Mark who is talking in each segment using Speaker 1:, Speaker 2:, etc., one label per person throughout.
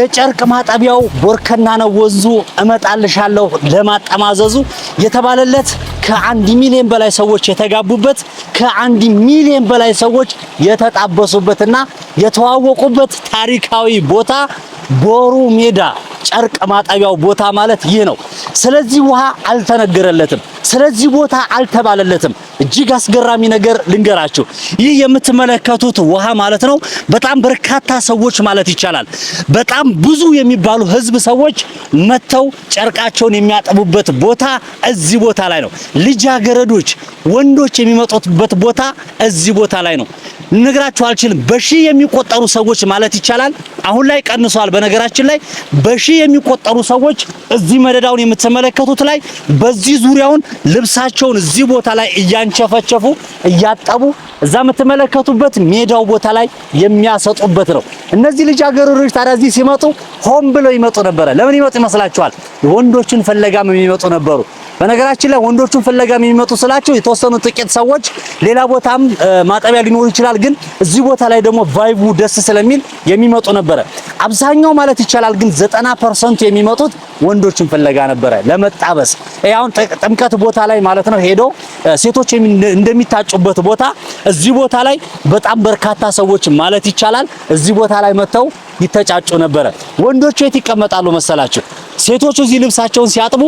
Speaker 1: የጨርቅ ማጠቢያው ቦርከና ነው ወንዙ እመጣልሻለሁ ለማጠማዘዙ የተባለለት ከአንድ ሚሊዮን በላይ ሰዎች የተጋቡበት ከአንድ ሚሊዮን በላይ ሰዎች የተጣበሱበትና የተዋወቁበት ታሪካዊ ቦታ ቦሩ ሜዳ ጨርቅ ማጠቢያው ቦታ ማለት ይህ ነው። ስለዚህ ውሃ አልተነገረለትም። ስለዚህ ቦታ አልተባለለትም። እጅግ አስገራሚ ነገር ልንገራችሁ። ይህ የምትመለከቱት ውሃ ማለት ነው። በጣም በርካታ ሰዎች ማለት ይቻላል በጣም ብዙ የሚባሉ ህዝብ ሰዎች መጥተው ጨርቃቸውን የሚያጠቡበት ቦታ እዚህ ቦታ ላይ ነው። ልጃገረዶች፣ ወንዶች የሚመጡበት ቦታ እዚህ ቦታ ላይ ነው። ልነግራችሁ አልችልም። በሺ የሚቆጠሩ ሰዎች ማለት ይቻላል አሁን ላይ ቀንሷል። በነገራችን ላይ በሺ የሚቆጠሩ ሰዎች እዚህ መደዳውን የምትመለከቱት ላይ በዚህ ዙሪያውን ልብሳቸውን እዚህ ቦታ ላይ እያንቸፈቸፉ እያጠቡ እዛ የምትመለከቱበት ሜዳው ቦታ ላይ የሚያሰጡበት ነው። እነዚህ ልጃገረዶች ታዲያ እዚህ ሲመጡ ሆን ብለው ይመጡ ነበረ። ለምን ይመጡ ይመስላችኋል? ወንዶችን ፍለጋም የሚመጡ ነበሩ። በነገራችን ላይ ወንዶቹን ፍለጋም የሚመጡ ስላቸው የተወሰኑ ጥቂት ሰዎች ሌላ ቦታም ማጠቢያ ሊኖሩ ይችላል ግን እዚህ ቦታ ላይ ደግሞ ቫይቡ ደስ ስለሚል የሚመጡ ነበረ። አብዛኛው ማለት ይቻላል ግን ዘጠና ፐርሰንቱ የሚመጡት ወንዶችን ፍለጋ ነበረ ለመጣበስ። አሁን ጥምቀት ቦታ ላይ ማለት ነው ሄደው ሴቶች እንደሚታጩበት ቦታ እዚህ ቦታ ላይ በጣም በርካታ ሰዎች ማለት ይቻላል እዚህ ቦታ ላይ መጥተው ይተጫጩ ነበረ። ወንዶቹ የት ይቀመጣሉ መሰላችሁ? ሴቶቹ እዚህ ልብሳቸውን ሲያጥቡ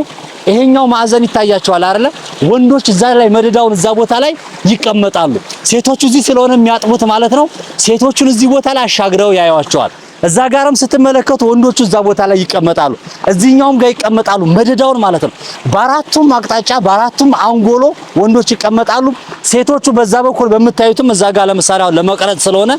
Speaker 1: ይሄኛው ማዕዘን ይታያቸዋል አይደለ? ወንዶች እዛ ላይ መደዳውን እዛ ቦታ ላይ ይቀመጣሉ። ሴቶቹ እዚህ ስለሆነ የሚያጥቡት ማለት ነው። ሴቶቹን እዚህ ቦታ ላይ አሻግረው ያዩዋቸዋል። እዛ ጋርም ስትመለከቱ ወንዶቹ እዛ ቦታ ላይ ይቀመጣሉ፣ እዚህኛውም ጋር ይቀመጣሉ። መደዳውን ማለት ነው። በአራቱም አቅጣጫ በአራቱም አንጎሎ ወንዶች ይቀመጣሉ። ሴቶቹ በዛ በኩል በምታዩትም እዛ ጋር ለምሳሌ አሁን ለመቅረጽ ስለሆነ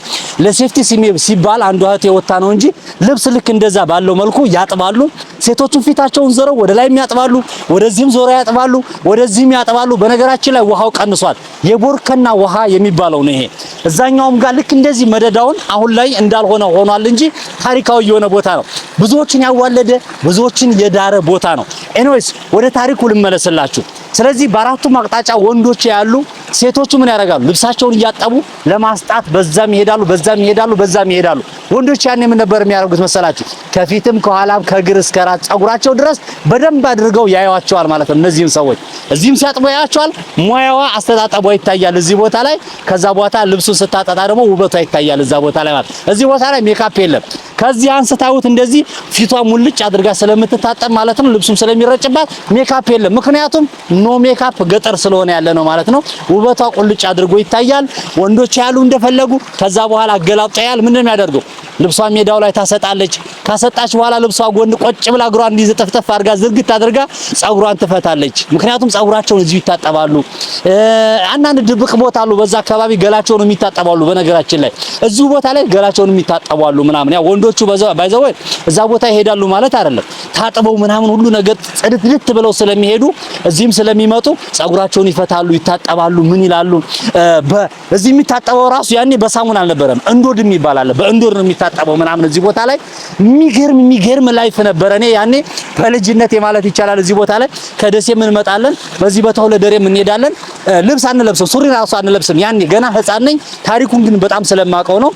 Speaker 1: ለሴፍቲ ሲባል አንዱ እህት የወጣ ነው እንጂ ልብስ ልክ እንደዛ ባለው መልኩ ያጥባሉ። ሴቶቹ ፊታቸውን ዘረው ወደ ላይም ያጥባሉ፣ ወደዚህም ዞረ ያጥባሉ፣ ወደዚህም ያጥባሉ። በነገራችን ላይ ውሃው ቀንሷል። የቦርከና ውሃ የሚባለው ነው ይሄ። እዛኛውም ጋር ልክ እንደዚህ መደዳውን አሁን ላይ እንዳልሆነ ሆኗል እንጂ ታሪካዊ የሆነ ቦታ ነው። ብዙዎችን ያዋለደ ብዙዎችን የዳረ ቦታ ነው። ኤኒዌይስ ወደ ታሪኩ ልመለስላችሁ። ስለዚህ በአራቱም አቅጣጫ ወንዶች ያሉ ሴቶቹ ምን ያደርጋሉ? ልብሳቸውን እያጠቡ ለማስጣት በዛም ይሄዳሉ፣ በዛም ይሄዳሉ፣ በዛም ይሄዳሉ። ወንዶች ያኔ ምን ነበር የሚያደርጉት መሰላችሁ? ከፊትም ከኋላም ከእግር እስከ ራስ ጸጉራቸው ድረስ በደንብ አድርገው ያዩዋቸዋል ማለት ነው። እነዚህም ሰዎች እዚህም ሲያጥቡ ያዩዋቸዋል። ሙያዋ አስተጣጠቧ ይታያል እዚህ ቦታ ላይ። ከዛ ቦታ ልብሱን ስታጠጣ ደግሞ ውበቷ ይታያል እዛ ቦታ ላይ ማለት። እዚህ ቦታ ላይ ሜካፕ የለም። ከዚህ አንስታውት እንደዚህ ፊቷ ሙልጭ አድርጋ ስለምትታጠብ ማለት ነው። ልብሱም ስለሚረጭባት ሜካፕ የለም። ምክንያቱም ኖ ሜካፕ ገጠር ስለሆነ ያለ ነው ማለት ነው። ውበቷ ቁልጭ አድርጎ ይታያል። ወንዶች ያሉ እንደፈለጉ ከዛ በኋላ አገላብጣ ያል ምንድነው ያደርገው ልብሷ ሜዳው ላይ ታሰጣለች። ካሰጣች በኋላ ልብሷ ጎን ቆጭ ብላ እግሯን እንዲህ ዘጠፍጠፍ አድርጋ ዝርግት አድርጋ ጸጉሯን ትፈታለች። ምክንያቱም ጸጉራቸውን እዚሁ ይታጠባሉ። አንዳንድ ድብቅ ቦታ አሉ፣ በዛ አካባቢ ገላቸውን የሚታጠባሉ። በነገራችን ላይ እዚሁ ቦታ ላይ ገላቸውን የሚታጠባሉ ምናምን። ያው ወንዶቹ በዛ ባይዘው እዛ ቦታ ይሄዳሉ ማለት አይደለም። ታጥበው ምናምን ሁሉ ነገር ጽድትድት ብለው ስለሚሄዱ እዚህም ስለሚመጡ ጸጉራቸውን ይፈታሉ፣ ይታጠባሉ። ምን ይላሉ? እዚህ የሚታጠበው ራሱ ያኔ በሳሙን አልነበረም፣ እንዶድም ይባላል። በእንዶድ ነው የምታጠበው ምናምን እዚህ ቦታ ላይ የሚገርም የሚገርም ላይፍ ነበረ። እኔ ያኔ በልጅነቴ ማለት ይቻላል እዚህ ቦታ ላይ ከደሴ እንመጣለን፣ በዚህ በተወለደሬ እንሄዳለን። ልብስ አንለብሰው፣ ሱሪ ራሱ አንለብስም። ያኔ ገና ህፃን ነኝ። ታሪኩን ግን በጣም ስለማውቀው ነው።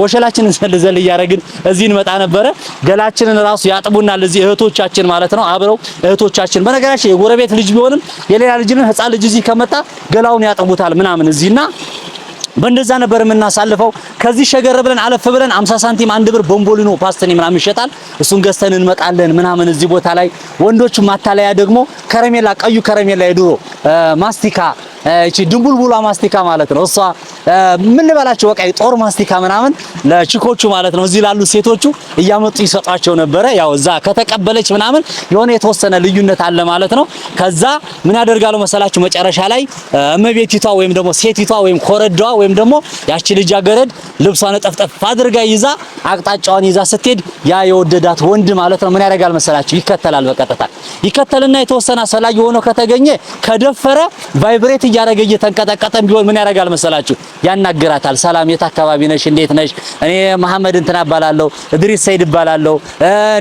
Speaker 1: ወሸላችንን ዘል ዘል እያደረግን እዚህ እንመጣ ነበረ። ገላችንን ራሱ ያጥቡናል እዚህ እህቶቻችን ማለት ነው። አብረው እህቶቻችን በነገራችን የጎረቤት ልጅ ቢሆንም የሌላ ልጅ ህፃን ልጅ እዚህ ከመጣ ገላውን ያጥቡታል ምናምን እዚህና በእንደዛ ነበር የምናሳልፈው። ከዚህ ሸገር ብለን አለፍ ብለን 50 ሳንቲም አንድ ብር ቦምቦሊኖ ፓስተኒ ምናምን ይሸጣል። እሱን ገዝተን እንመጣለን ምናምን። እዚህ ቦታ ላይ ወንዶቹ ማታለያ ደግሞ ከረሜላ፣ ቀዩ ከረሜላ የድሮ ማስቲካ፣ እቺ ድንቡልቡሏ ማስቲካ ማለት ነው። እሷ ምን ልበላችሁ በቃ ጦር ማስቲካ ምናምን ለቺኮቹ ማለት ነው። እዚህ ላሉ ሴቶቹ እያመጡ ይሰጧቸው ነበረ። ያው እዛ ከተቀበለች ምናምን የሆነ የተወሰነ ልዩነት አለ ማለት ነው። ከዛ ምን ያደርጋሉ መሰላችሁ መጨረሻ ላይ እመቤቲቷ ወይም ደግሞ ሴቲቷ ወይም ኮረዳዋ ወይም ደግሞ ያቺ ልጃገረድ ልብሷን ጠፍጠፍ አድርጋ ይዛ አቅጣጫዋን ይዛ ስትሄድ ያ የወደዳት ወንድ ማለት ነው ምን ያደርጋል መሰላችሁ? ይከተላል። በቀጥታ ይከተልና የተወሰነ አስፈላጊ ሆኖ ከተገኘ ከደፈረ ቫይብሬት እያደረገ እየተንቀጠቀጠ ቢሆን ምን ያደርጋል መሰላችሁ? ያናግራታል። ሰላም፣ የት አካባቢ ነሽ? እንዴት ነሽ? እኔ መሐመድ እንትና እባላለሁ፣ እድሪስ ሰይድ እባላለሁ፣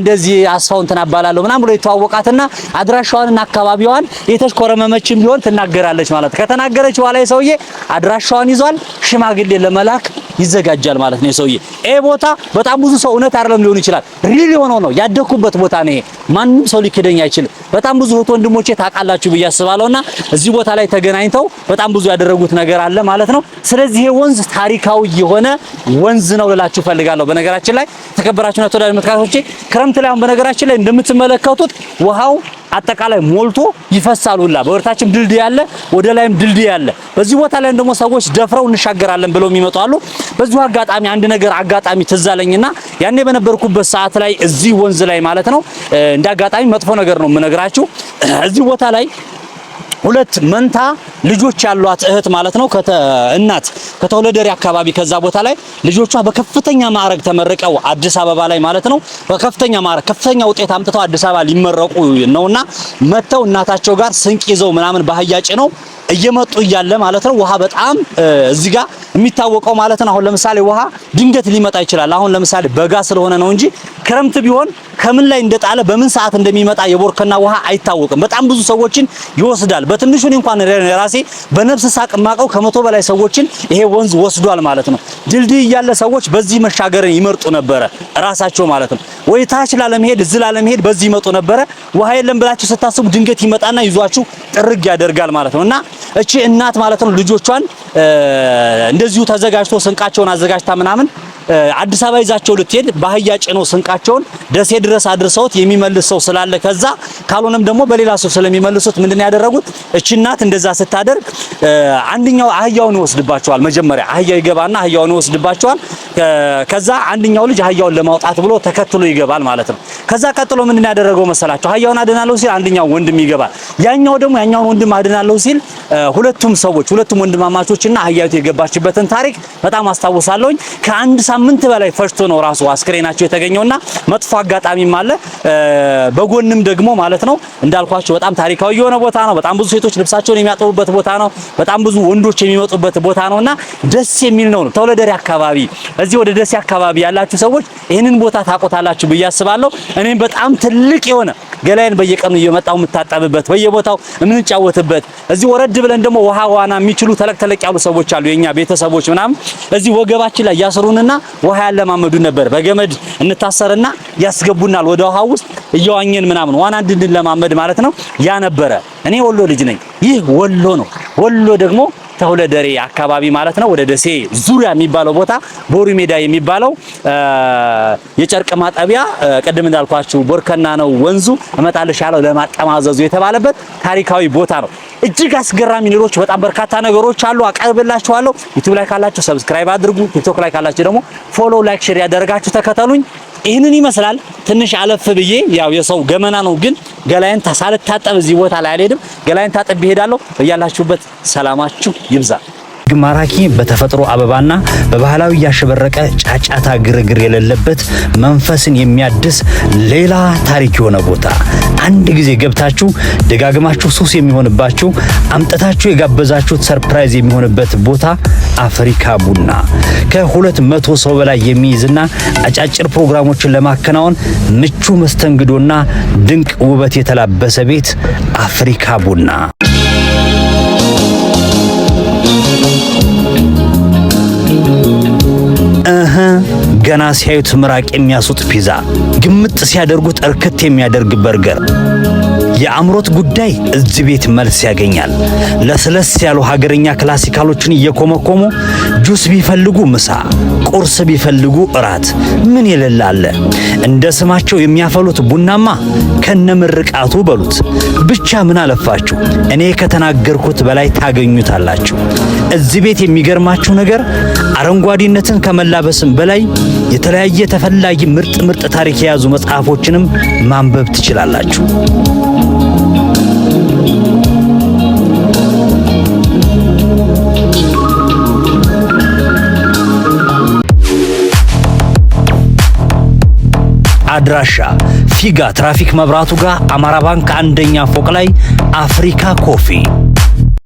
Speaker 1: እንደዚህ አስፋው እንትና እባላለሁ ምናምን ብሎ የተዋወቃትና አድራሻዋንና አካባቢዋን የተሽኮረመመችም ቢሆን ትናገራለች ማለት ከተናገረች በኋላ ሰውዬ አድራሻዋን ይዟል። ሽማግሌ ለመላክ ይዘ ይዘጋጃል ማለት ነው። ሰውዬ ይሄ ቦታ በጣም ብዙ ሰው እውነት አይደለም ሊሆን ይችላል፣ ሪል የሆነው ነው። ያደኩበት ቦታ ነው። ማንም ሰው ሊክደኝ አይችልም። በጣም ብዙ እህት ወንድሞቼ ታውቃላችሁ ብዬ አስባለሁና እዚህ ቦታ ላይ ተገናኝተው በጣም ብዙ ያደረጉት ነገር አለ ማለት ነው። ስለዚህ ይሄ ወንዝ ታሪካዊ የሆነ ወንዝ ነው ልላችሁ ፈልጋለሁ። በነገራችን ላይ ተከበራችሁና ተወዳጅ መጥቃቶቼ ክረምት ላይ አሁን በነገራችን ላይ እንደምትመለከቱት ውሃው አጠቃላይ ሞልቶ ይፈሳል ሁላ በወርታችን ድልድይ አለ፣ ወደ ላይም ድልድይ አለ። በዚህ ቦታ ላይ ደግሞ ሰዎች ደፍረው እንሻገራለን ብለው የሚመጡ አሉ። በዚሁ አጋጣሚ አንድ ነገር አጋጣሚ ትዛለኝና ያኔ በነበርኩበት ሰዓት ላይ እዚህ ወንዝ ላይ ማለት ነው እንደ አጋጣሚ መጥፎ ነገር ነው የምነግራችሁ እዚህ ቦታ ላይ ሁለት መንታ ልጆች ያሏት እህት ማለት ነው እናት ከተወለደሪ አካባቢ ከዛ ቦታ ላይ ልጆቿ በከፍተኛ ማዕረግ ተመርቀው አዲስ አበባ ላይ ማለት ነው በከፍተኛ ማዕረግ ከፍተኛ ውጤት አምጥተው አዲስ አበባ ሊመረቁ ነውና መጥተው እናታቸው ጋር ስንቅ ይዘው ምናምን ባህያጭ ነው እየመጡ እያለ ማለት ነው ውሃ በጣም እዚህ ጋር የሚታወቀው ማለት ነው። አሁን ለምሳሌ ውሃ ድንገት ሊመጣ ይችላል። አሁን ለምሳሌ በጋ ስለሆነ ነው እንጂ ክረምት ቢሆን ከምን ላይ እንደጣለ በምን ሰዓት እንደሚመጣ የቦርከና ውሃ አይታወቅም። በጣም ብዙ ሰዎችን ይወስዳል። በትንሹ እንኳን ራሴ በነፍስ ሳቅ ማቀው ከመቶ በላይ ሰዎችን ይሄ ወንዝ ወስዷል ማለት ነው። ድልድይ እያለ ሰዎች በዚህ መሻገርን ይመርጡ ነበረ ራሳቸው ማለት ነው። ወይ ታች ላለመሄድ እዚህ ላለመሄድ በዚህ ይመጡ ነበረ። ውሃ የለም ብላችሁ ስታስቡ ድንገት ይመጣና ይዟችሁ ጥርግ ያደርጋል ማለት ነው እና እቺ እናት ማለት ነው ልጆቿን እንደዚሁ ተዘጋጅቶ ስንቃቸውን አዘጋጅታ ምናምን አዲስ አበባ ይዛቸው ልትሄድ ባህያ ጭኖ ስንቃቸውን ደሴ ድረስ አድርሰውት የሚመልስ ሰው ስላለ ከዛ ካልሆነም ደግሞ በሌላ ሰው ስለሚመልሱት ምንድን ያደረጉት እቺ እናት እንደዛ ስታደርግ አንደኛው አህያውን ይወስድባቸዋል። መጀመሪያ አህያ ይገባና አህያውን ይወስድባቸዋል። ከዛ አንደኛው ልጅ አህያውን ለማውጣት ብሎ ተከትሎ ይገባል ማለት ነው። ከዛ ቀጥሎ ምንድን ያደረገው መሰላቸው? አህያውን አድናለሁ ሲል አንድኛው ወንድም ይገባል። ያኛው ደግሞ ያኛውን ወንድም አድናለሁ ሲል ሁለቱም ሰዎች ሁለቱም ወንድማማቾችና አህያቱ የገባችበትን ታሪክ በጣም አስታውሳለሁኝ ከአንድ ከሳምንት በላይ ፈጅቶ ነው ራሱ አስክሬናቸው የተገኘውና መጥፎ አጋጣሚም አለ። በጎንም ደግሞ ማለት ነው እንዳልኳቸው በጣም ታሪካዊ የሆነ ቦታ ነው። በጣም ብዙ ሴቶች ልብሳቸውን የሚያጠቡበት ቦታ ነው። በጣም ብዙ ወንዶች የሚመጡበት ቦታ ነውና ደስ የሚል ነው። ተወለደሪ አካባቢ እዚህ ወደ ደሴ አካባቢ ያላችሁ ሰዎች ይህንን ቦታ ታቆታላችሁ ብዬ አስባለሁ። እኔም በጣም ትልቅ የሆነ ገላይን በየቀኑ እየመጣው የምታጠብበት በየቦታው የምንጫወትበት እዚህ ወረድ ብለን ደግሞ ውሃ ዋና የሚችሉ ተለቅ ተለቅ ያሉ ሰዎች አሉ፣ የኛ ቤተሰቦች ምናምን እዚህ ወገባችን ላይ ያስሩንና ውሃ ያለማመዱን ነበር። በገመድ እንታሰርና ያስገቡናል ወደ ውሃ ውስጥ እየዋኘን ምናምን ዋና እንድንለማመድ ማለት ነው። ያ ነበረ። እኔ ወሎ ልጅ ነኝ። ይህ ወሎ ነው። ወሎ ደግሞ ተሁለደሬ አካባቢ ማለት ነው ወደ ደሴ ዙሪያ የሚባለው ቦታ ቦሩ ሜዳ የሚባለው የጨርቅ ማጠቢያ ቅድም እንዳልኳችሁ ቦርከና ነው ወንዙ እመጣልሽ ያለው ለማጠማዘዙ የተባለበት ታሪካዊ ቦታ ነው። እጅግ አስገራሚ ሌሎች በጣም በርካታ ነገሮች አሉ፣ አቀርብላችኋለሁ። ዩቲዩብ ላይ ካላችሁ ሰብስክራይብ አድርጉ። ቲክቶክ ላይ ካላችሁ ደግሞ ፎሎ፣ ላይክ፣ ሼር ያደረጋችሁ ተከተሉኝ። ይህንን ይመስላል። ትንሽ አለፍ ብዬ ያው የሰው ገመና ነው ግን ገላይን ሳልታጠብ እዚህ ቦታ ላይ አልሄድም። ገላይን ታጠብ ይሄዳለሁ። በያላችሁበት ሰላማችሁ ይብዛ።
Speaker 2: ግን ማራኪ በተፈጥሮ አበባና በባህላዊ ያሸበረቀ ጫጫታ ግርግር የሌለበት መንፈስን የሚያድስ ሌላ ታሪክ የሆነ ቦታ አንድ ጊዜ ገብታችሁ ደጋግማችሁ ሱስ የሚሆንባችሁ አምጠታችሁ የጋበዛችሁት ሰርፕራይዝ የሚሆንበት ቦታ አፍሪካ ቡና ከሁለት መቶ ሰው በላይ የሚይዝና አጫጭር ፕሮግራሞችን ለማከናወን ምቹ መስተንግዶና ድንቅ ውበት የተላበሰ ቤት አፍሪካ ቡና ገና ሲያዩት ምራቅ የሚያስውጥ ፒዛ፣ ግምጥ ሲያደርጉት እርክት የሚያደርግ በርገር የአምሮት ጉዳይ እዚህ ቤት መልስ ያገኛል። ለስለስ ያሉ ሀገርኛ ክላሲካሎችን እየኮመኮሙ ጁስ ቢፈልጉ ምሳ፣ ቁርስ ቢፈልጉ እራት ምን ይልል አለ። እንደ ስማቸው የሚያፈሉት ቡናማ ከነምርቃቱ በሉት። ብቻ ምን አለፋችሁ እኔ ከተናገርኩት በላይ ታገኙታላችሁ። እዚህ ቤት የሚገርማችሁ ነገር አረንጓዴነትን ከመላበስም በላይ የተለያየ ተፈላጊ ምርጥ ምርጥ ታሪክ የያዙ መጽሐፎችንም ማንበብ ትችላላችሁ። አድራሻ ፊጋ ትራፊክ መብራቱ ጋር አማራ ባንክ አንደኛ ፎቅ ላይ አፍሪካ ኮፊ